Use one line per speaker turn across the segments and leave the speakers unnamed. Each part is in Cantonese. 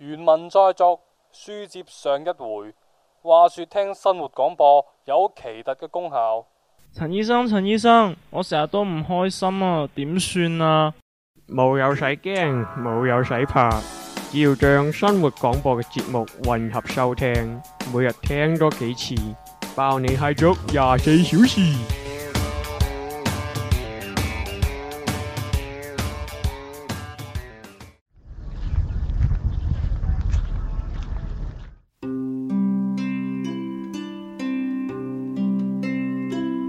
原文再續，書接上一回。話說聽生活廣播有奇特嘅功效。陳醫生，陳醫生，我成日都唔開心啊，點算啊？冇有使驚，冇有使怕，只要將生活廣播嘅節目混合收聽，每日聽多幾次，包你嗨足廿四小時。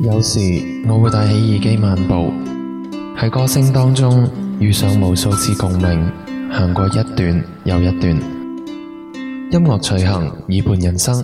有時我會戴起耳機漫步，喺歌聲當中遇上無數次共鳴，行過一段又一段。音樂隨行，耳畔人生。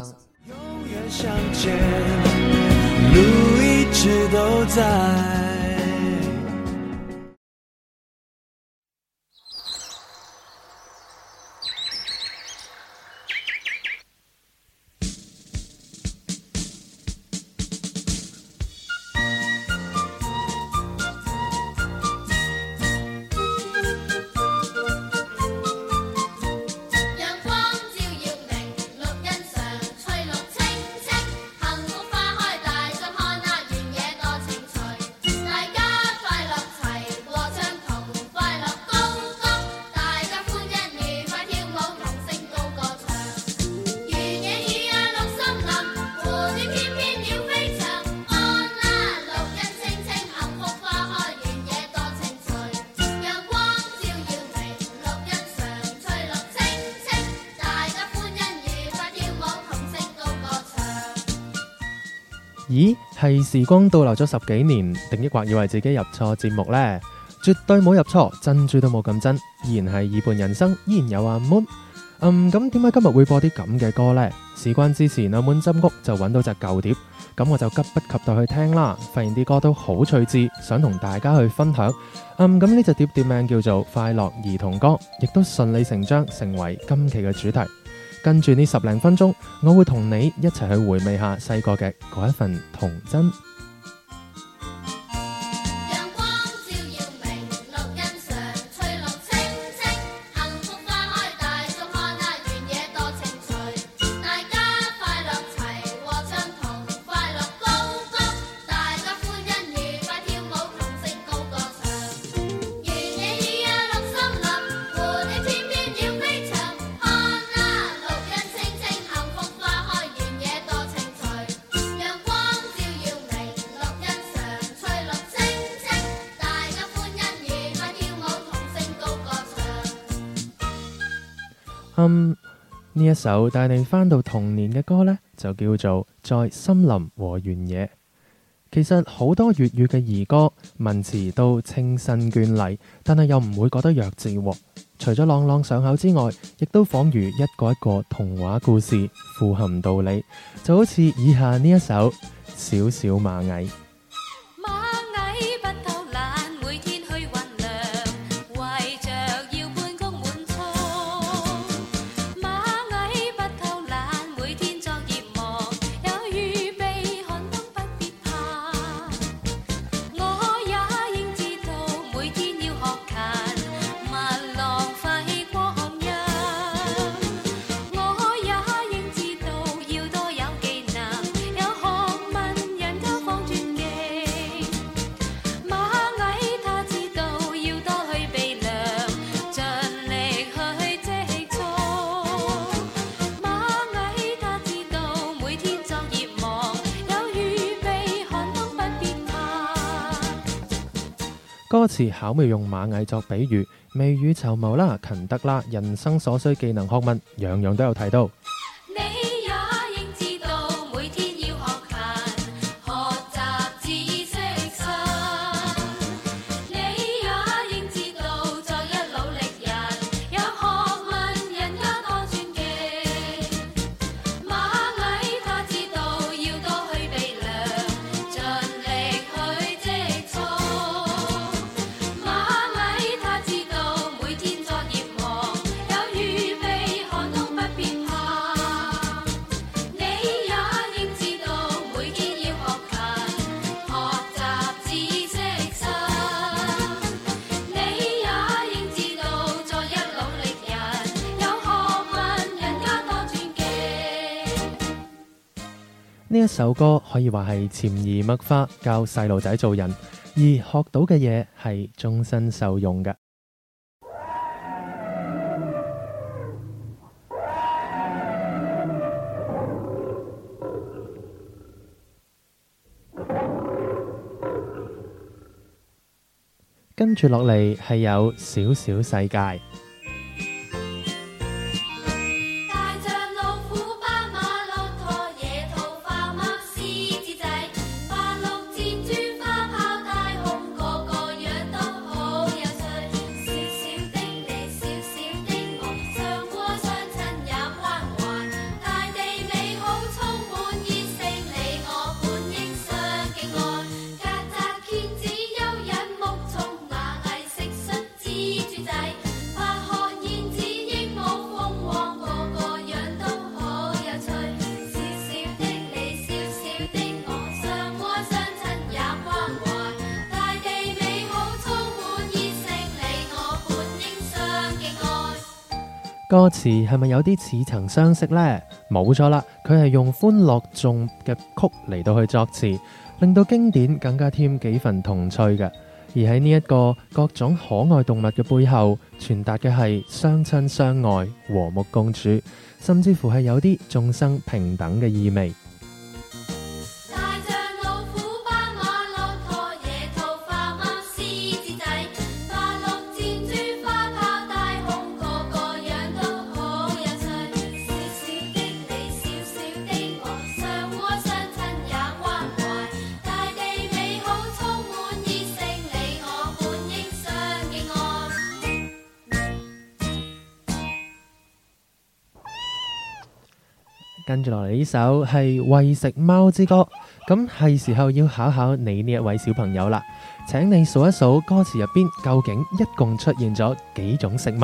咦，係時光倒流咗十幾年？定抑或以為自己入錯節目呢？絕對冇入錯，珍珠都冇咁真，依然係耳畔人生，依然有阿 Moon。嗯，咁點解今日會播啲咁嘅歌呢？事關之前，阿 Moon 針屋就揾到隻舊碟，咁我就急不及待去聽啦。發現啲歌都好趣致，想同大家去分享。嗯，咁呢隻碟碟名叫做《快樂兒童歌》，亦都順理成章成為今期嘅主題。跟住呢十零分鐘，我會同你一齊去回味下細個嘅嗰一份童真。嗯，呢、um, 一首帶你翻到童年嘅歌呢，就叫做《在森林和原野》。其實好多粵語嘅兒歌，文詞都清新娟麗，但係又唔會覺得弱智、哦。除咗朗朗上口之外，亦都仿如一個一個童話故事，富含道理。就好似以下呢一首《小小螞蟻》。歌詞巧妙用螞蟻作比喻，未雨綢繆啦，勤得啦，人生所需技能學問，樣樣都有提到。呢一首歌可以話係潛移默化教細路仔做人，而學到嘅嘢係終身受用嘅。 跟住落嚟係有小小世界。歌詞係咪有啲似曾相識呢？冇錯啦，佢係用歡樂頌嘅曲嚟到去作詞，令到經典更加添幾份童趣嘅。而喺呢一個各種可愛動物嘅背後，傳達嘅係相親相愛、和睦共處，甚至乎係有啲眾生平等嘅意味。跟住落嚟呢首係喂食貓之歌，咁係時候要考考你呢一位小朋友喇，請你數一數歌詞入邊究竟一共出現咗幾種食物。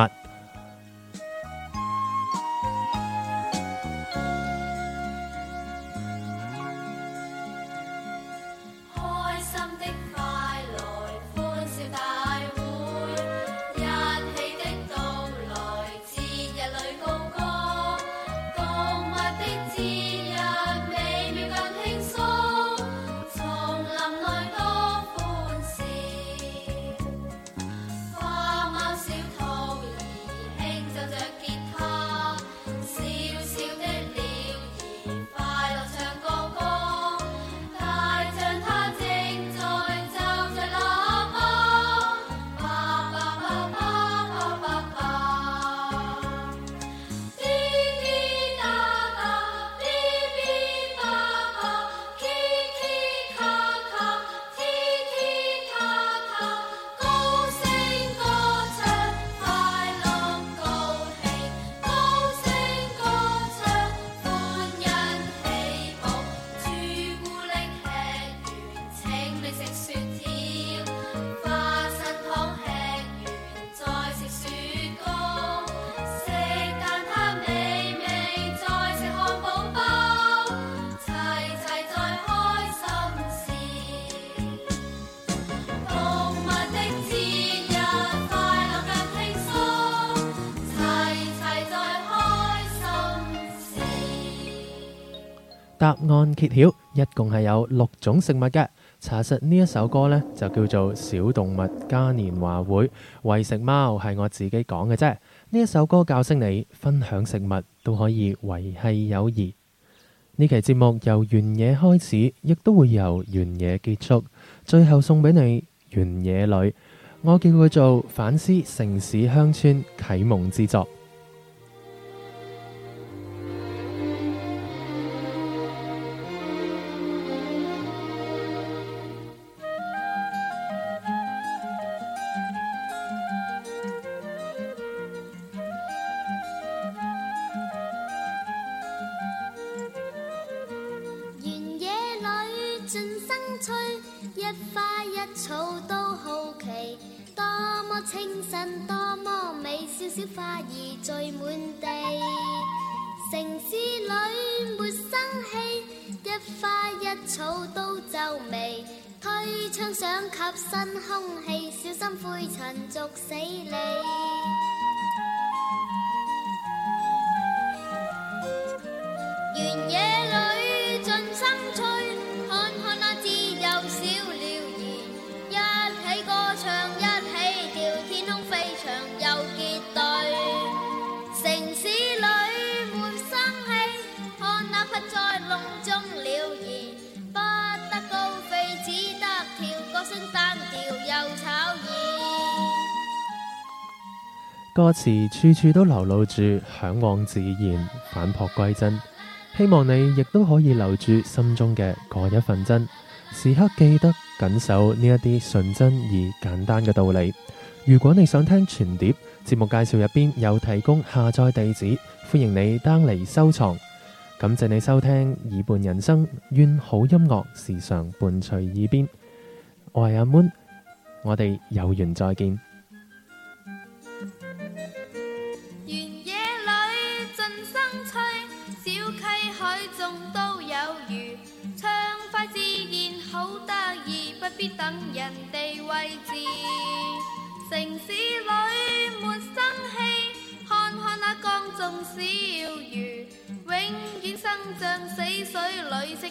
答案揭曉，一共係有六種食物嘅。查實呢一首歌呢就叫做《小動物嘉年華會》，為食貓係我自己講嘅啫。呢一首歌教識你分享食物都可以維係友誼。呢期節目由原野開始，亦都會由原野結束，最後送俾你原野女，我叫佢做反思城市鄉村啟蒙之作。
麼美，小小花兒醉滿地。城市裏沒生氣，一花一草都皺眉。推窗想吸新空氣，小心灰塵毒死你。
歌詞處處都流露住向往自然、反璞歸真，希望你亦都可以留住心中嘅嗰一份真，時刻記得緊守呢一啲純真而簡單嘅道理。如果你想聽全碟，節目介紹入邊有提供下載地址，歡迎你登嚟收藏。感謝你收聽耳畔人生，願好音樂時常伴隨耳邊。我係阿 Moon，我哋有緣再見。